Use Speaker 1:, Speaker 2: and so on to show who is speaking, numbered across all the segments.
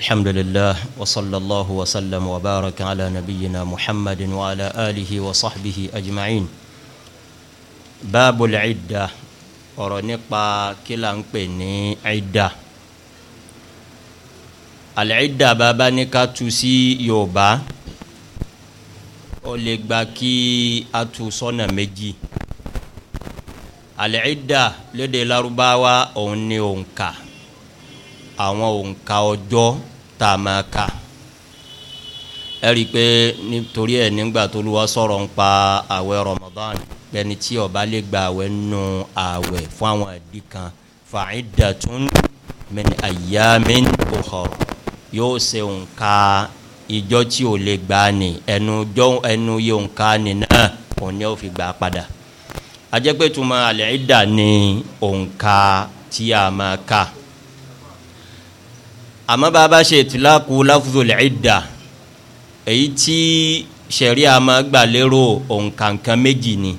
Speaker 1: الحمد لله وصلى الله وسلم وبارك على نبينا محمد وعلى آله وصحبه أجمعين باب العدة ọ̀rọ̀ nípa kí la ń pè ní ẹ̀dà àlẹ́ẹ̀dà bàbá ní ká tu sí yorùbá ó lè gba kí a tu sọ́nà méjì àlẹ́ẹ̀dà lédè lárúbáwá òun ni òǹkà àwọn òǹkà ọjọ́ tá a máa kà ẹ rí i pé nítorí ẹ̀ nígbà tó lù wá sọ̀rọ̀ ń pa àwẹ̀ Ramadan pẹ̀ni tí ó bá lè gba àwẹ̀ nù àwẹ̀ fún àwọn ẹ̀dí kan fa'iddatun min ayyamin ukhar yóò ṣe òǹkà ìjọ tí ò lè gbà ní ẹnu jọ ẹnu yẹ òǹkà ní náà òun ni ó fi gbà padà ajẹ́pẹ́tùmọ̀ al-idda ní òǹkà tí a máa kà àmọ́ bàbá ṣe ìtìláku láfùzò lẹ́ẹ̀dà èyí tí sẹ̀rí àmọ́ gbà lérò òǹkàǹkàn méjì ni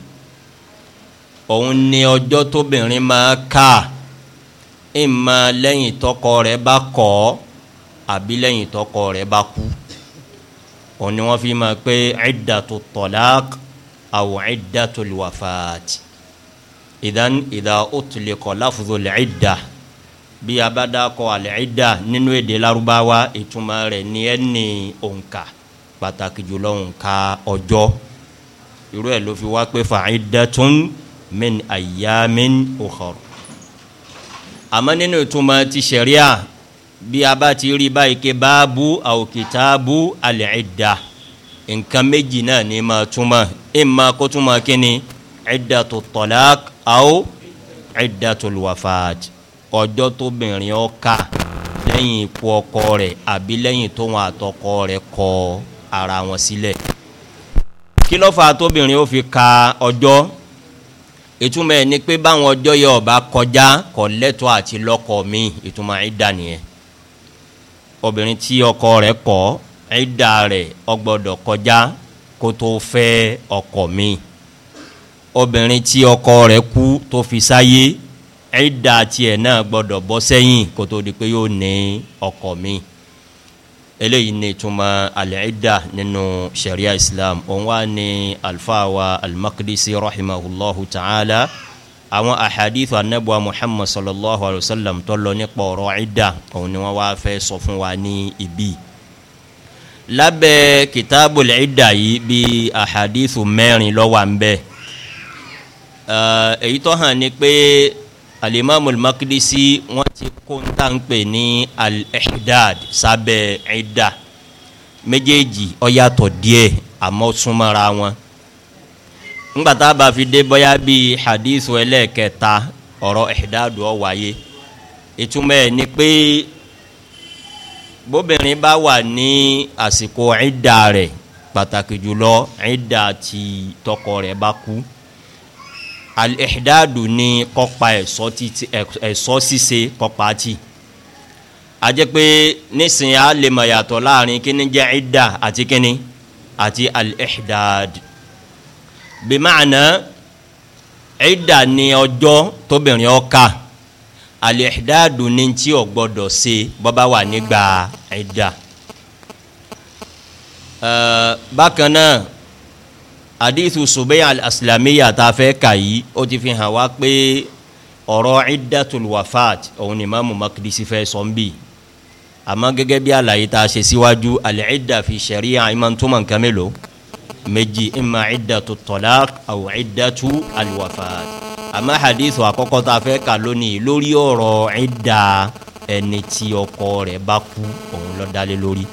Speaker 1: òun ni ọjọ́ tóbìnrin máa kà ìmọ̀ lẹ́yìn tọkọ rẹ̀ bá kọ̀ ọ́ àbí lẹ́yìn tọkọ rẹ̀ bá kú òun ni wọ́n fi máa pé ẹ̀dà tó tọ̀lák àwọn ẹ̀dà tó lùwàfàtì ìdán ìdá ó tilẹ̀ kọ̀ láfùzò lẹ́ẹ̀dà bí a bá dákọ àlẹ́ẹ̀dá nínú èdè larubawa ìtumọ̀ rẹ̀ ní ẹni òǹkà pàtàkì jùlọ òǹkà ọjọ́ irú ẹ̀ ló fi wá pé fàáìdẹ́tún min ayamin ukhor àmọ́ nínú ìtumọ̀ ti sẹ̀ríà bí a bá ti rí báyìí ké báàbù àwòkìtàbù àlẹ́ẹ̀dá nǹkan méjì náà ní ma túmọ̀ ìmọ̀ kó túmọ̀ kí ni ẹ̀dá tó tọ̀lá àwọ̀ ẹ̀dá tó lùwàfàájì ọjọ́ tóbìnrin ọkà lẹ́yìn ikú ọkọ rẹ̀ àbí lẹ́yìn tóun àtọkọ rẹ̀ kọ ara wọn sílẹ̀ kí ló fà tóbìnrin ó fi ka ọjọ́ ìtumọ̀ ẹ̀ ni pé báwọn ọjọ́ yẹ ọba kọjá kọ lẹ́tọ̀ àti lọ́kọ mi ìtumọ̀ ìdá nìyẹn obìnrin tí ọkọ rẹ̀ kọ ìdá rẹ̀ ọgbọ́dọ̀ kọjá kó tó fẹ́ ọkọ mi obìnrin tí ọkọ rẹ̀ kú tó fi sáyé ẹ̀dà tiẹ̀ náà gbọ́dọ̀ bọ́ sẹ́yìn kó tó di pé yóò ní ọkọ mi eléyìí ni ìtumọ̀ al-idda nínú sharia islam òun wá ní alfawa al-maqdisi rahimahullahu ta'ala àwọn ahadithu anabuwa muhammad sallallahu alayhi wa sallam tó lọ nípa ọ̀rọ̀ idda òun ni wọ́n wá fẹ́ sọ fún wa ní ibi lábẹ́ kìtàbù al-idda yìí bí ahadithu mẹ́rin ló wà ń bẹ èyí hàn ni pé alimami makidisi wọn ti kóńtà ń pè al-ihdad sábẹ́ ẹ̀dá méjèèjì ó yàtọ̀ díẹ̀ àmọ́ súnmọ́ra wọn ńgbàtà bá fi dé bóyá bíi hadithu ẹlẹ́ẹ̀kẹta ọ̀rọ̀ ihdadu ó wáyé ìtumọ̀ ẹ̀ ni pé bóbìnrin bá wà ní àsìkò ẹ̀dá rẹ̀ pàtàkì jùlọ ẹ̀dá tí tọkọ rẹ̀ bá kú al-ihdadu ni kọ́pa ẹ̀sọ́ ṣíṣe kọ́pa tì a jẹ́ pé nísìnyí a lè mọ̀ yàtọ̀ láàrin kíní jẹ́ idda àti kíní àti al-ihdad bí ma'ana idda ni ọjọ́ tóbìnrin ọkà al ni tí ó gbọ́dọ̀ ṣe bọ́bá wà nígbà idda. Uh, bákan náà àdíthù ṣùgbẹ́ al'aslamiyya ta fẹ́ kàyí ó ti fi hàn wá pé ọ̀rọ̀ iddatul wafat òun ni mamu makidisi fẹ́ sọ bí àmọ́ gẹ́gẹ́ bí àlàyé ta ṣe síwájú al'idda fi ṣẹ̀ríyà iman tó mọ̀ nǹkan mélòó méjì ima iddatu tọ́lák àwọ̀ iddatu alwafat àmọ́ àdíthù àkọ́kọ́ ta fẹ́ kà lónìí lórí ọ̀rọ̀ idda ẹni tí ọkọ rẹ̀ bá kú òun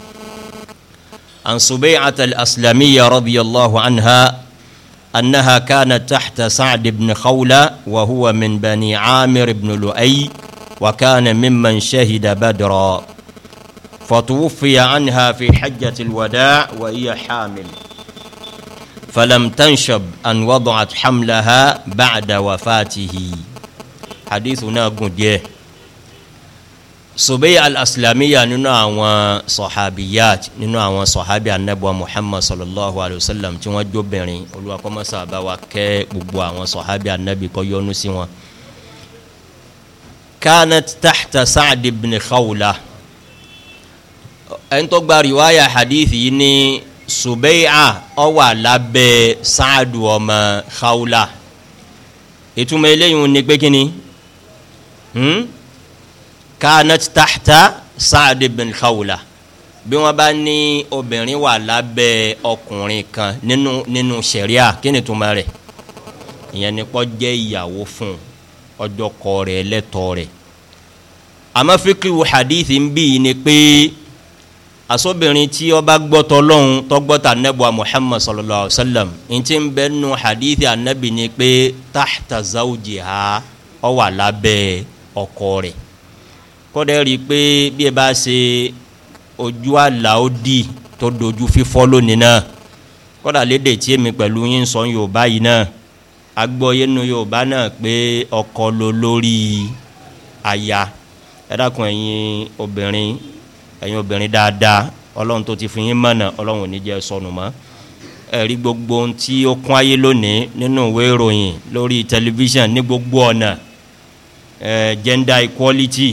Speaker 1: عن سبيعة الأسلمية رضي الله عنها أنها كانت تحت سعد بن خولة وهو من بني عامر بن لؤي وكان ممن شهد بدرا فتوفي عنها في حجة الوداع وهي حامل فلم تنشب أن وضعت حملها بعد وفاته حديثنا قد subay al-aslamiya nínú àwọn sọ̀hábíyàt nínú àwọn sọ̀hábí anábọ̀ muhammad sallallahu alayhi wa sallam tí wọ́n jóbìnrin olùwàkọ́mọ́sá bá wa kẹ́ gbogbo àwọn sọ̀hábí anábì kọ́ yọnu sí wọn. kanat tahta sa'd ibn khawla ẹni tó gba riwaya hadith yìí ní subay a ọ wà lábẹ́ ọmọ khawla ìtumọ̀ eléyìí ni pé Hmm? kanat tahta saad ibn khawla bí wọn bá ní obìnrin wà lábẹ́ ọkùnrin kan nínú nínú sẹríà kí ni túmọ̀ rẹ̀ ìyẹn ni kó jẹ́ ìyàwó fún ọjọ́ kọ rẹ̀ lẹ́tọ̀ rẹ̀ àmọ́ fíkìwù hadith ń bí yìí ni pé asobìnrin tí ó bá gbọ́tọ̀ lọ́hùn tó gbọ́tọ̀ muhammad sallallahu alaihi wa sallam ntí ń bẹ nínú hadith anabi ni pé tahta zawjiha ó wà ọkọ rẹ̀ kọ́dẹ̀ rí i pé bí ẹ bá ṣe ojú àlà ó dì tó dojú fífọ́ lónìí náà kọ́dà léde tí èmi pẹ̀lú yín sọ yorùbá yìí náà agbọ́yé nu yorùbá náà pé ọkọ lo lórí aya ẹ dákun ẹ̀yin obìnrin ẹ̀yin obìnrin dáadáa ọlọ́run tó ti fi yín mọ̀nà ọlọ́run ò ní jẹ́ sọnù mọ́ ẹ̀rí gbogbo ohun tí ó kún ayé lónìí nínú ìwé ìròyìn lórí tẹlifíṣàn ní gbogbo ọ̀nà gender equality